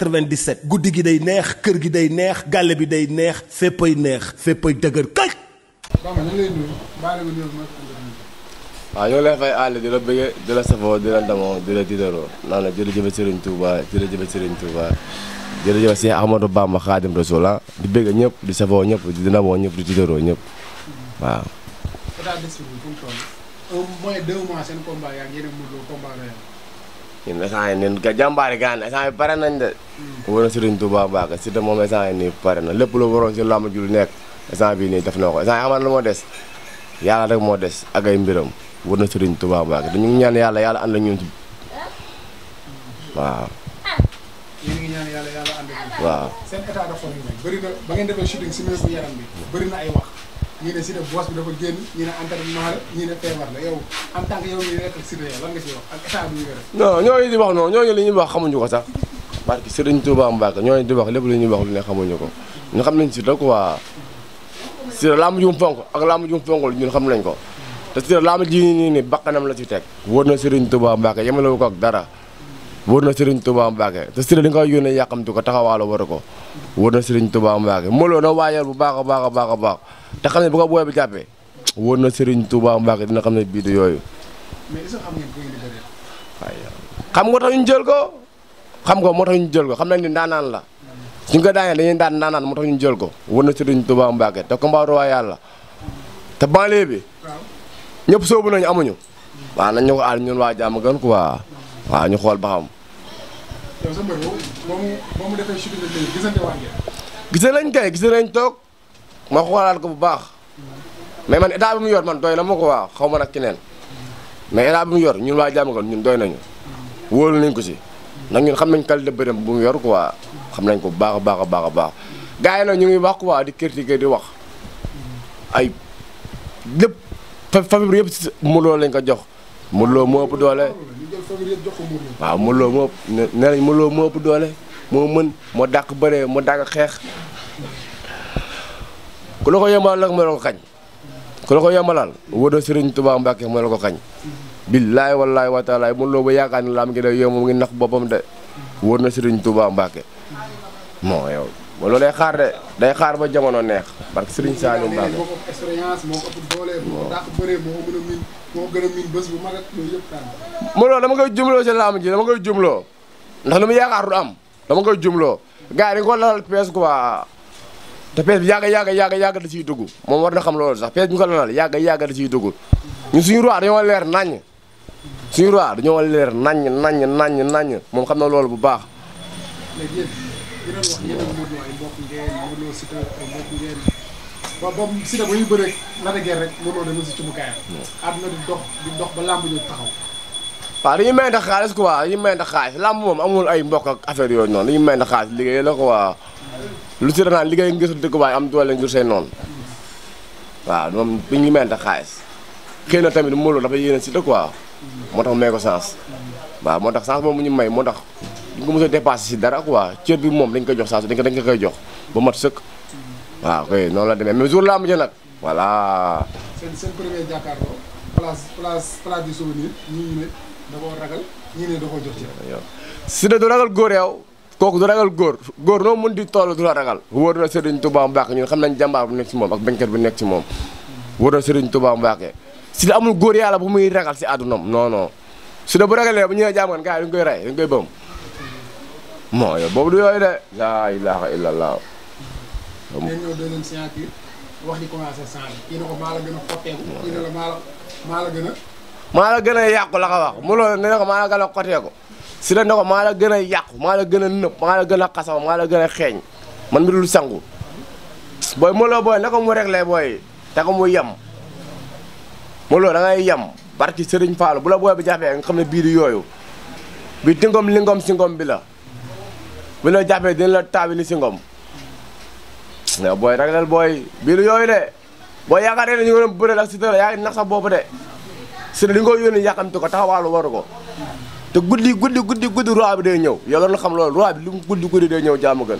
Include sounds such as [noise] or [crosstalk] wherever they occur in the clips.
97 guddi gi day neex kër gi day neex gàlle bi day neex féppay neex féppay dëgër kay. Bamba ñu lay nuyu baale nga nuyu waaw ñoo leen fay àll di la bëggee di la safoo di la ndamoo di la dideroo naan la jërëjëf Serigne Touba jërëjëf Serigne Touba jërëjëf Cheikh Ahmadou Bamba Khadim Rasoul ah. di bëgg ñëpp di safoo ñëpp di ndamoo ñëpp di dideroo ñëpp waaw. état d'esprit bi fu mu toll un mois deux mois seen combat yaa ngi yéen a mën loo combat royal ñun instant yii ñun jàmbaari gaan instant yii pare nañ de. Hmm. wala Serigne Touba Mbacke si de moom instant yii nii pare na lépp lu waroon si làmb ju nekk instant bii nii def na ko instant yii xamal lu moo des yàlla rek moo des ak ay mbiram wala Serigne Touba Mbacke dañu ñaan yàlla yàlla ànd ak waaw. yàlla yàlla na ba ngeen ñii ne Siteu boos bi dafa génn ñii ne entraînement la ñii ne feebar la yow en wax ak état ñu yore. non ñooñu li ñuy wax xamuñu ko sax parce que Serigne Touba Mbacke ñooñu di wax lépp lu ñuy wax lu ne xamuñu ko ñu xam nañ Siteu quoi Siteu laamu jum fonk ak laamu jum fonkul ñu xam nañ ko te Siteu laamu ji nii nii bakkanam la ci teg. wóor na Serigne Touba Mbacke yemalewu ko ak dara wër na Serigne Touba Mbacke te Serigne li nga yónnee yàqamtu ko taxawaalo war ko wër na Serigne Touba Mbacke Modou Lo na waajal bu baax a baax a baax a baax te xam ne bu ko booyee bi jàppee wër na Serigne Touba Mbacke dina xam ne bii du yooyu. mais nga tax ñu jël ko xam nga moo tax ñu jël ko xam nañ ni ndaanaan la suñ ko daanee dañuy daan ndaanaan moo ñu jël ko wër na Serigne Touba Mbacke te combat royal la te banlieue bi ñëpp soobu nañu amuñu waaw nañ ñu ko aal ñun waa jàmm gën waaw ñu xool ba xam. nañ kay gisee nañ toog ma xoolaat ko bu baax mais man état bi mu yor man dooy na ma ko waaw xaw ma nag keneen mais état bi mu yor ñun waa jàmm ko ñun doy nañu woolu nañ ko si ndax ñun xam nañ qualité bëreem bu mu yor quoi xam nañ ko bu baax a baax a baax a baax gars yi nag ñu ngi wax quoi di critiquer di wax ay lépp fa fa yëpp si Modou Lo lañ ko jox Modou Lo moo doole. waaw Modou Lo moo ne nañ Modou moo ëpp doole moo mën moo dàq bëree moo dàq xeex ku la ko yombalal nag moo la ko xañ ku la ko yombalal wóodo Serigne Touba Mbacke la wa taalaay Modou Lo ba yaakaar ne laam ngi day yow moom ngi nax boppam de wóor na Serigne Touba Mbacke bon yow loolu day xaar de day xaar ba jamono neex parce que Serigne Saliou moo gën a miin bés bu magat loolu yëpp tànn. koy jumloo si laamu ji dama koy jumloo ndax lu mu am dama koy jumloo gars yi dañu ko lalal pees quoi te pees bi yàgg yàgg yàgg yàgg da ciy dugg moom war na xam loolu sax pees bi ñu ko lalal yàgg yàgg da ciy dugg ñun suñu roi dañoo leer naññ suñu roi dañoo leer naññ naññ naññ naññ moom xam na loolu bu baax. léegi yéen wax yéen a Modou ba ba Siteu dox dox ba làmb ñu taxaw. waaw dañuy may ndax xaalis quoi dañuy may ndax xaalis làmb moom amul ay mbokk ak affaire yooyu noonu dañuy may ndax xaalis liggéey la quoi lu si danaan liggéey ngir dëkk waaye am doole ngir say noonu waaw moom dañuy may ndax xaalis xëy na tamit Modou Lô dafa yéene Siteu quoi moo tax may ko sens waa moo tax sens moom mu ñu may moo tax duñ ko mos a dépassé si dara quoi bi moom dañ koy jox sens dañ ko dañ ko koy jox ba mat sëkk. waaw kay noonu la demee mais jour làmb ja nag voilà. seen seen da koo ragal góor yow kooku du ragal góor góor noo mën di toll du la ragal. wóor na Serigne Touba Mbacke ñun xam nañ jàmbaar bu nekk ci moom ak bañkat bu nekk ci moom wóor na Serigne Touba Mbacke Siteu amul góor yàlla bu muy ragal si àddunaam non non Siteu bu ragalee bu ñëwee jàmm gaa yi duñ koy rey duñ koy bëm. moo yooyu de. laa ilaha illallah. dañ ñëw dooleen wax di maa la gën a xotteeku a maa la gën a yàqu la ko wax mu loolu ne ko maa la gën a xotteeku si la ko maa la gën a yàqu maa la gën a nëb maa la gën a xasaw maa la gën a xeeñ man mi dul sangu booy moloo booy na ko mu réglé booy te ko mu yem moloo da ngay yem barki sëriñ Fallou bu la booy bi jàppee nga xam ne bii di yooyu bi tingom si singom bi la bu la jàppee dina la taabi ni singom yow booy ragalal booy biiru yooyu de booy yaakaaree ne ñu ngi doon bëre ak Siteu yaa sa bopp de Siteu li nga ko yónni yàqamte ko taxawaalu waru ko te guddi guddi guddi guddi roi bi day ñëw yow loolu xam loolu roi bi mu guddi guddi day ñëw jaamu gën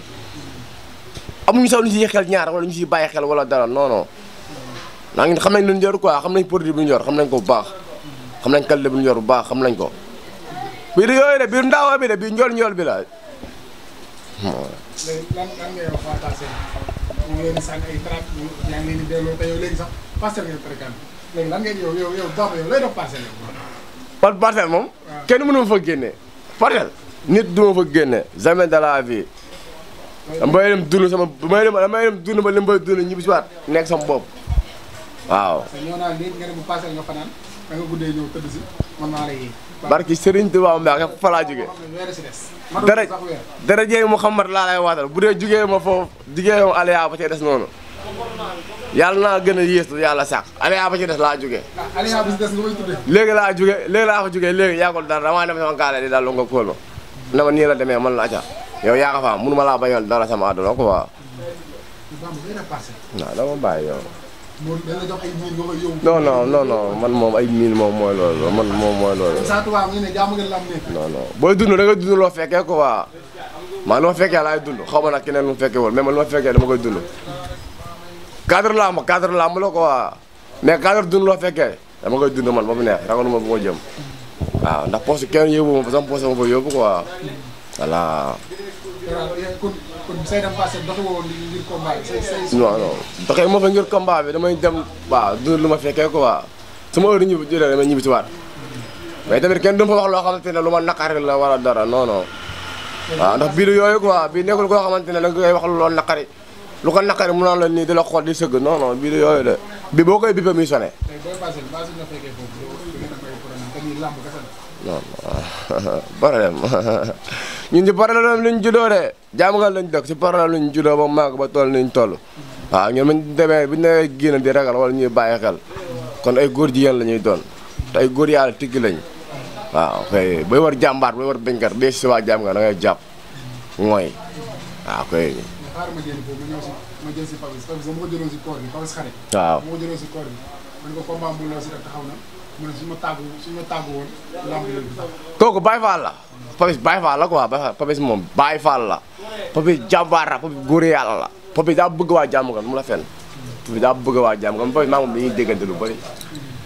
amuñu sax lu ñu siy xel ñaar wala ñu siy bàyyi xel wala dara non non naa ngi xam nañ lu ñu yor quoi xam nañ produit bu ñu yor xam nañ ko bu baax xam nañ qualité bu ñu yor bu baax xam nañ ko biir yooyu de biir ndaawa bi de biir njool bi la mu ngi leen di sànni ay lay dox parcelle par parcelle moom. Ah. kenn mënu ma fa génnee parcelle. nit du ma fa génne jamais de la vie. damay dem dund sama damay dem damay dem dund ba li may dund ñibbi si waat nekk sama bopp waaw. naan léegi bu parcelle nga fanaan da barki Serigne Touba Mbacke fa laa jógee dara dara jeey Mouhamad laa lay waatal bu dee jugee ma foofu jugee ma Aliya ba cay des noonu yàlla naa gën a yéesu yàlla sax Aliya ba cay des laa jógee léegi laa jógee léegi laa fa jógee léegi yàggul dara damaa dem sama gaale di daal lu nga kóol ma na ma nii la demee man la aca yow yaa ko fa mënu ma laa bañool dara sama àdduna ko waaw waaw dama bàyyi yow non non man moom ay miin moom mooy loolu man moom mooy loolu. non non booy dund da nga dund loo fekkee quoi man lu ma fekkee laay dund xaw ma nag keneen lu mu fekkee woon mais man lu ma fekkee dama koy dund. cadre làmb cadre làmb la quoi mais cadre dund loo fekkee dama koy dund man ba mu neex ragaluma bu ma jëm waaw ndax poche kenn yóbbu ma sama poche ma Seydou Fass doxu woon ngir combat bi. non non doxee ma fa ngir combat bi damay dem ma fekkee quoi su ma heure ñibbi jëlee damay ñibbi si waat mais tamit kenn du ma fa wax loo xamante ne lu ma naqari la wala dara non non. ndax bii du yooyu quoi bii nekkul koo xamante ne danga koy wax loolu naqari lu ko naqari mu naan la nii di la xool di sëgg non non bii du yooyu de bi boo koy bippé muy sonné. tey non problème [laughs] [laughs] ñun ci problème lañ juddoo de jaamu nga lañ dëkk ci problème lañ juddoo ba màgg ba toll niñ toll waaw ñun buñ demee buñ demee génn di ragal wala ñuy bàyyi xel kon ay góor jigéen la ñuy doon te ay góor yàlla tigg lañ waaw kay bay war jàmbaar bay war béñkat bee si waa jaam nga da ngay jàpp mooy waaw mu ne su ma tàggu su ma tàggu woon lamb leen kooku Baye Fall la Papis Baye Fall la quoi Baye moom Baye Fall la Papis jàmbaar la Papis góor bëgg waa jàmm kan mu la fen Papis daa bëgg waa jàmm kan Papis maa moom dañuy déggante lu bëri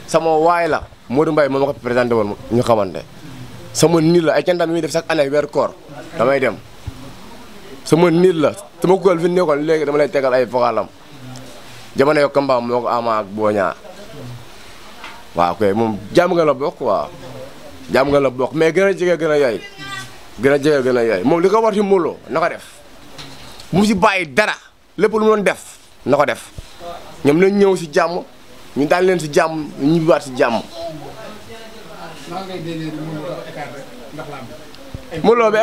sama waay la Modou Mbaye moom ma ko présenté woon ñu xamante sama nit la ay cantam yi muy def chaque année weer koor damay dem sama la sama kuréel fi nekkoon léegi dama lay tegal ay vocalam jamono yo Kamba moo ko ama ak waaw kay moom jàmm nga la bokk waaw jam nga la bokk mais gën a jege gën a yooy gën a jege gën a yooy moom li ko war ci Modou Lo na ko def mu si bàyyi dara lépp lu mu def na ko def ñoom nañ ñëw si jàmm ñu daan leen si jàmm ñu ñibbiwaat si jàmm. Modou bi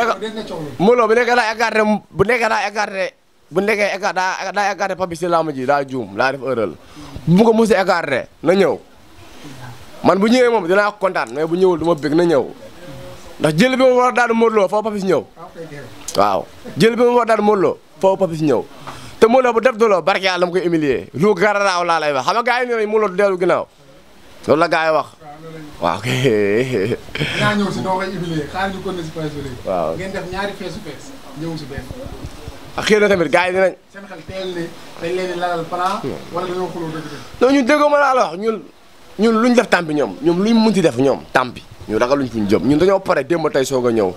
Modou Lo bi nekk daa écarté bu nekk daa écarté bu nekkee écarté daa écarté Papis si làmb ji daa juum laa def erreur bu ko mos a écarté na ñëw. man bu ñëwee moom dinaa kontaan mais bu ñëwul du ma bëgg na ñëw ndax jël bi ma war a daanu Modou Lo foofu Papis ñëw waaw jël bi ma a daanu bu def dooloo barke yàlla dama koy humilier lu gararaaw laa lay wax xam nga nañ Modou Lo du dellu ginnaaw loolu la gars yi wax na tamit gars yi dinañ. seen xel teel hmm. ma laa ñun luñ def tàmpi ñoom ñoom luñ munti def ñoom tàmpi ñu ragaluñ fuñ jëm ñun dañoo pare démb tey soog a ñëw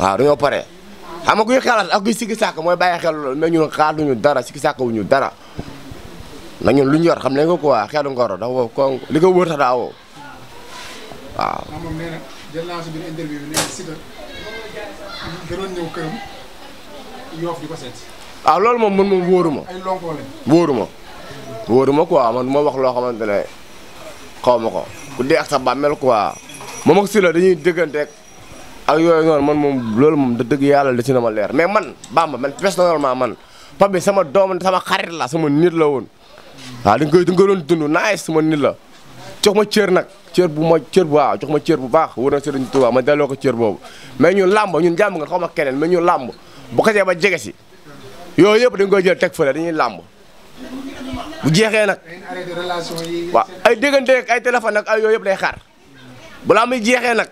waaw dañoo pare xam nga kuy xalaat ak kuy sikki sàkk mooy bàyyi xel loolu mais ñun xaaluñu dara sikki sàkk wuñu dara nag ñun lu ñu yor xam nañ ko quoi xeetu ngoro dafa ko li ko woo waaw. moom nee na jël naa si bi nee na ko waaw ah, loolu moom man moom wóoru ma. ay lonko ma wóoru ma quoi man du ma wax loo xamante ne. xaw ma ko ku dee ak sa bàmmeel quoi moom ak si la dañuy dëgganteeg ak yooyu noonu man moom loolu moom da dëgg yàlla da ci na ma leer mais man Bamba man personnellement man Pape bi sama doom sama xarit la sama nit la woon waaw dañ koy dañ koy doon dund naaj sama nit la jox ma cër nag cër bu ma cër bu waaw jox ma cër bu baax wër na Sëriñ Tuubaa ma delloo ko cër boobu mais ñun làmb ñun jàmm nga xaw ma keneen mais ñun làmb bu xasee ba jege si yooyu yëpp dañ koy jël teg bu jeexee nag waaw ay déggante ay téléphone ak ay yooyu yëpp day xaar balaa muy jeexee nag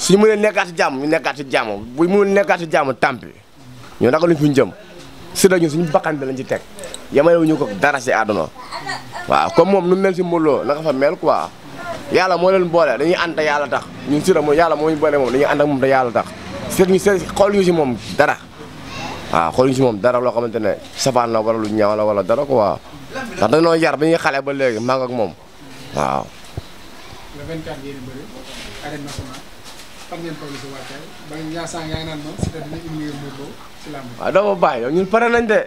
suñu mënee nekkaat si jàmm ñu nekkaat si jàmm bu mënul nekkaat si jàmm tàmpi ñoo naka fu ñu jëm si la ñu suñu bakkan bi lañ ci teg yemalewu ñu ko dara si àdduna waaw comme moom nu mel si mbooloo naka fa mel quoi yàlla moo leen boole dañuy ànd te yàlla tax ñun si la moom yàlla moo ñu boole moom dañuy ànd ak moom te yàlla tax seet ñu seet xool yu si moom dara waaw ah, xooluñ si moom dara loo xamante ne safaan la wala lu ñaaw la wala dara quoi ndax dañoo yar bi ñuy xale ba léegi maa ak moom waaw. le 24 ngeen ah, ñun pare nañ de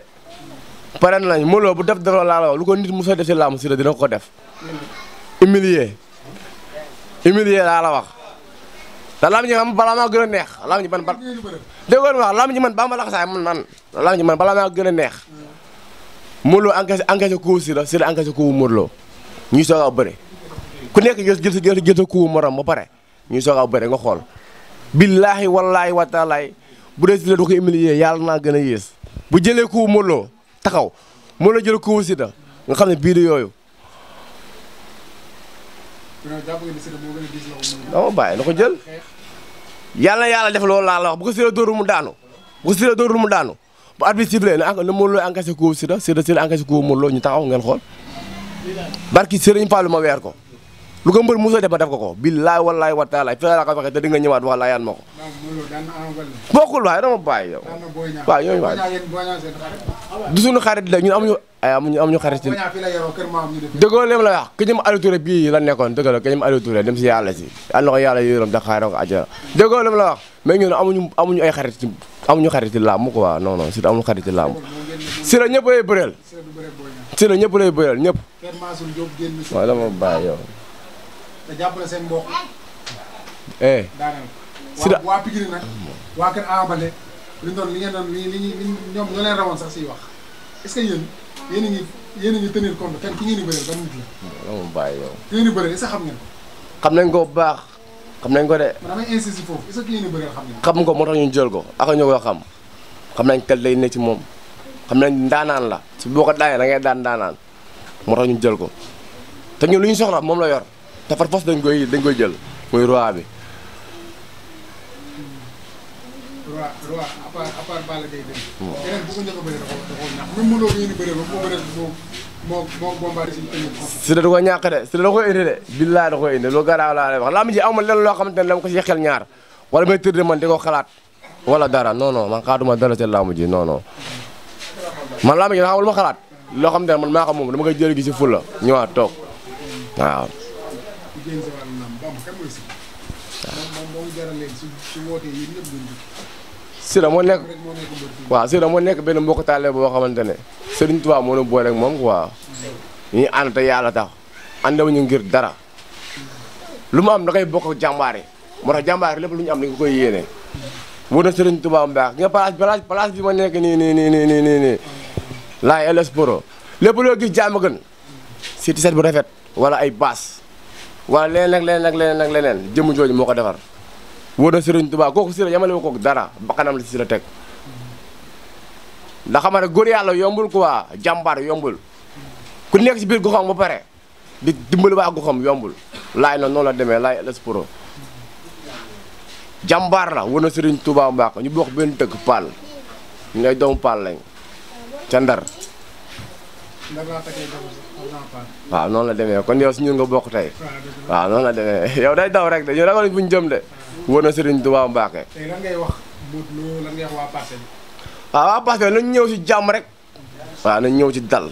pare nañ Modou Lo bu def dara laa la wax lu ko nit mos a def si làmb Siteu dina ko ko def humilier humilier laa la wax. te lam ji man balaa maa gën a neex lam ji man ba déggoon wax lam man baa ma laxasaay man man lam ji man balaa gën a neex Modou Lo encaissé encaissé coup si la si la encaissé coup Modou Lo ñuy soog a bëre ku nekk jël jël jël jël sa coup morom ba pare ñuy soog a bëre nga xool billaahi wallaahi wataalaay bu dee si la du ko humilier yàlla naa gën a yées bu jëlee coup Modou taxaw Modou jël coup nga xam ne bii yooyu dama bàyyi na ko jël yàlla na yàlla def loolu laa la wax bu ko Siteu mu daanu bu ko Siteu dóorul mu daanu bu arbitre sifflé na ah Modou Lo encaissé ko Siteu Siteu Siteu encaissé ko Modou Lo ñu taxaw ngeen xool barki Serigne Fallou ma weer ko lu ko mbër Moussa def ma def ko ko billaay wallaay wa taalaay fi laa ko waxee te di nga ñëwaat wax laa yaan ma ko bokkul waaye dama bàyyi yow waaw yooyu waay du suñu xarit la ñun amuñu amuñu amuñu xarit ci dëggoo leen la wax këjëm Aliou Touré bii la nekkoon dëgg la këjëm Aliou Touré dem si yàlla si yàlla na ko yàlla yërëm da xaaral ko àjjana dëggoo leen la wax mais ñun amuñu amuñu ay xarit ci amuñu xarit ci làmb quoi non non si amuñu xarit ci làmb si la ñëpp lay bëreel si la ñëpp lay bëreel ñëpp waaw dama bàyyi yow eh si da li doon li ngeen doon li xam ngeen ko. nañ ko bu baax xam nañ ko de. man damay xam nga moo tax ñu jël ko ak ñu ko xam xam nañ kat lay ne ci moom xam nañ daanaan la su boo ko daanee da ngay daan daanaan moo tax ñu jël ko te ñun lu ñu soxla moom la yor te far fos dañ koy dañ koy jël muy roi bi roi roi à si ko ñàkk de si da ko indi de. billaay da ko indi loolu garaaw laa wax laa ma ji amul lenn loo xamante ne dama ko si xel ñaar wala may tëdd man di ko xalaat wala dara non non man xaatuma dara seen laa ma ji non non man laa ma ji xam lu ma xalaat loo xamante ne man maa ko moom dama koy jël gi si fula ñëwaat toog jaral leen su moo nekk waaw Sira moo nekk benn bokk taale boo xamante ne Serigne Touba moo doon boole ak moom quoi. ñuy ànd te yàlla tax àndawuñu ngir dara. lu mu am da koy bokk ak jàmbaare moo tax lu ñu am da nga koy yéene. mu def Serigne Touba Mbacke nga place place bi ma nekk nii nii nii nii nii nii. laay El Esporo lépp loo gis jàmm gën. bu rafet wala ay baas wala leneen ak leneen ak leneen ak leneen jëmm jooju moo ko defar. wóor na Serigne Touba kooku si la yamale dara bakkanam la si la teg ndax xam ne góor yàlla yombul quoi jàmbaar yombul ku nekk si biir goxam ba pare di dimbali waa goxam yombul laay la la demee laay les pro jàmbaar la wóor na Serigne Touba ñu bokk benn dëkk Paal ñu ngay doomu Paal lañ ca Ndar. waaw noonu la demee kon yow si ñun nga bokk tey waaw noonu la demee [laughs] yow day daw rek de ñu ragal buñ jëm de wóor na Serigne Touba Mbacké tey lan ngay wax Modou Lo lan ngay wax waa Parcelles waaw waa Parcelles nañ ñëw si jàmm rek waaw nañ ñëw si dal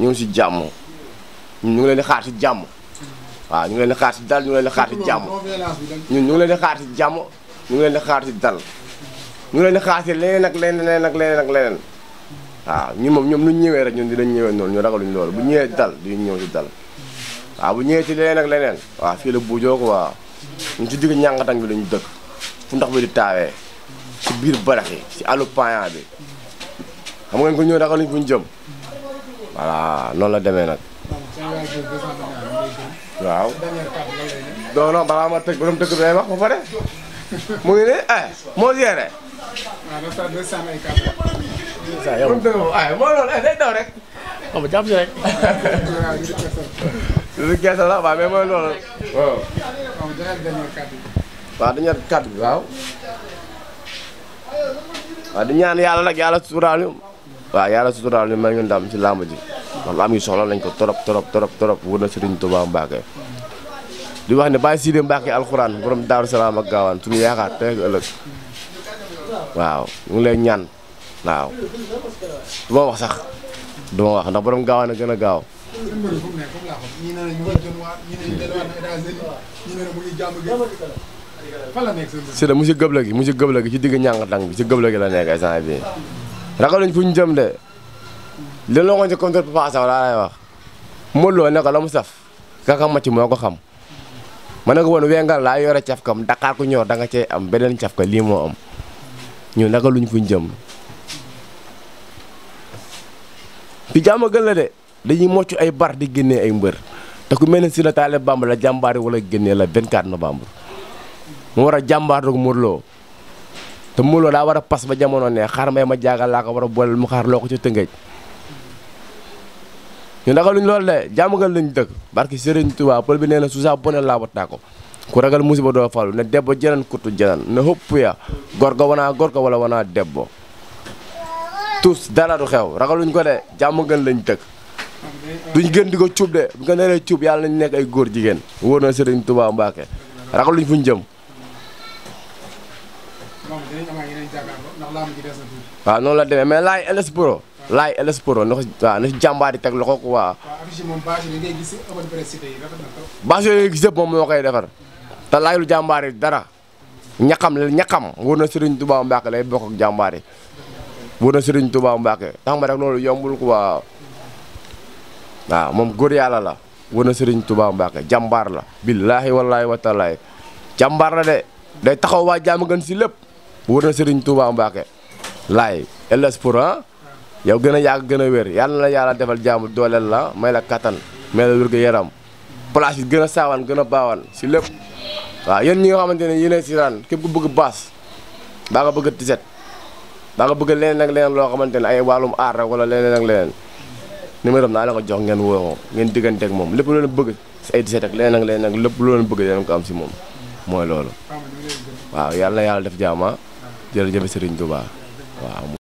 ñëw si jàmm ñu ngi leen di xaar si jàmm waaw ñu ngi leen di xaar si dal ñu ngi leen di xaar si jàmm ñun ñu ngi leen di xaar si jàmm ñu ngi leen di xaar si dal ñu ngi leen di xaar si leneen ak leneen ak leneen ak leneen waaw ñu moom ñoom lu ñu ñëwee rek ñun dinañ ñëwee noonu ñu ragaluñ loolu bu ñëwee dal du ñëw ci dal waaw bu ñëwee ci leneen ak leneen waaw fii la buujoo ko waaw ñun ci digg ñàngatang bi lañu dëkk fu ndox bi di taawee ci biir barax yi ci alu payan bi xam ngeen ko ñëw ragaluñ fu ñu jëm voilà noonu la demee nag waaw non non balaa ma tëj borom dëkk bi wax ba pare mu ngi ne eh moo géré saa yow waaye moo loolu day daw rek. xam nga jàpp si rek. lu gerte la waaw mais mooy loolu. waaw. waaw dañu yor kàddu bi waaw. waaw di yàlla nag yàlla suturaal ñu. waaw yàlla suturaal ñu may ñu ndam ci làmb ji. ndax làmb ji soxla nañ ko trop trop trop trop wër na Serigne Touba Mbacke. di wax ne Baye Sidi Mbacke alxuraan borom Daaru Salaam ak gaawaan suñu yaakaar tey ëllëg. waaw ñu ngi lay ñaan. waaw du ma wax sax du ma wax ndax borom na gën a gaaw. si la mu si gëblë gi mu si gëblë gi ci digg ñàngatang bi ci gëblë gi la nekk instant bii ragaluñ fu jëm de li la waxoon ci contre Papa Sow laa lay wax Modou Lo ne ko la mu saf kaka macc moo ko xam ma ne ko woon wengal laa yore cafkam Dakar ku ñor da nga cey am beneen cafka lii moo am ñun ragaluñ luñ ñu jëm du jàmm gën la de dañuy mocc ay bar di génnee ay mbër te ku mel ne Sylla Taalé Bamba la jàmbaar yi wala génnee la 24 novembre mu war a jàmbaar ak te Modou daa war a pas ba jamono ne xaar may ma jaagal laa ko war booleel mu xaar loo ko ca tëngëj ñu naka luñ loolu de jàmm gën lañ dëkk barki Serigne Touba pël bi nee na Sousa Bonne laa wat ko ku ragal musiba doo falu ne debbo janan kurtu janan ne hëpp ya gor wanaa gor tous dara du xew ragaluñ ko de jàmm gën lañ dëkk duñ gën di ko cuub de bu nga nee cuub yàlla nañ nekk ay góor jigéen wóor na Serigne Touba Mbacke ragaluñ fuñ jëm. waaw noonu la demee mais laay LS Pro. laay LS Pro na ko na si jàmbaari teg loxo quoi. waaw affiche moom bâche defar te laay lu jàmbaari dara ñaxam la ñaxam wóor na Serigne Touba Mbacke lay bokk ak bu na Serigne Touba Mbacke xam nga rek loolu yombul quoi waaw waaw moom góor yàlla la wër na Serigne Touba Mbacke jàmbaar la. billaahi wallaahi watalaay jàmbaar la de day taxaw waa jàmm gën si lépp wur na Serigne Touba Mbacke laay elles pour yow gën a yàgg gën a wér yàlla la yàlla defal jaamu dooleel la may la kattan may la wérgu yaram place yi gën a saawaan gën a baawaan si lépp waaw yéen ñi nga xamante ne yéenay si raan képp ku bëgg baas baa nga bëgg tiset da nga bëgg leneen ak leneen loo xamante ne ay wàllum aar rek wala leneen ak leneen numéro am naa la ko jox ngeen woo ngeen digganteeg moom lépp loo bëgg si ay 17 ak leneen ak leneen ak lépp loo bëgg dinañ ko am si moom mooy loolu. waaw yàlla na yàlla def jaama ah. jërëjëf Serigne Touba waaw.